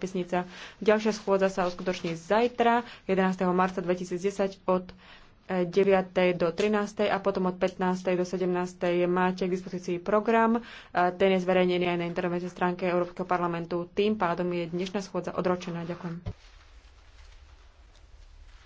zápisnica. Ďalšia schôdza sa uskutoční zajtra, 11. marca 2010 od 9. E, do 13. a potom od 15. do 17. máte k dispozícii program. E, ten je zverejnený aj na internetovej stránke Európskeho parlamentu. Tým pádom je dnešná schôdza odročená. Ďakujem.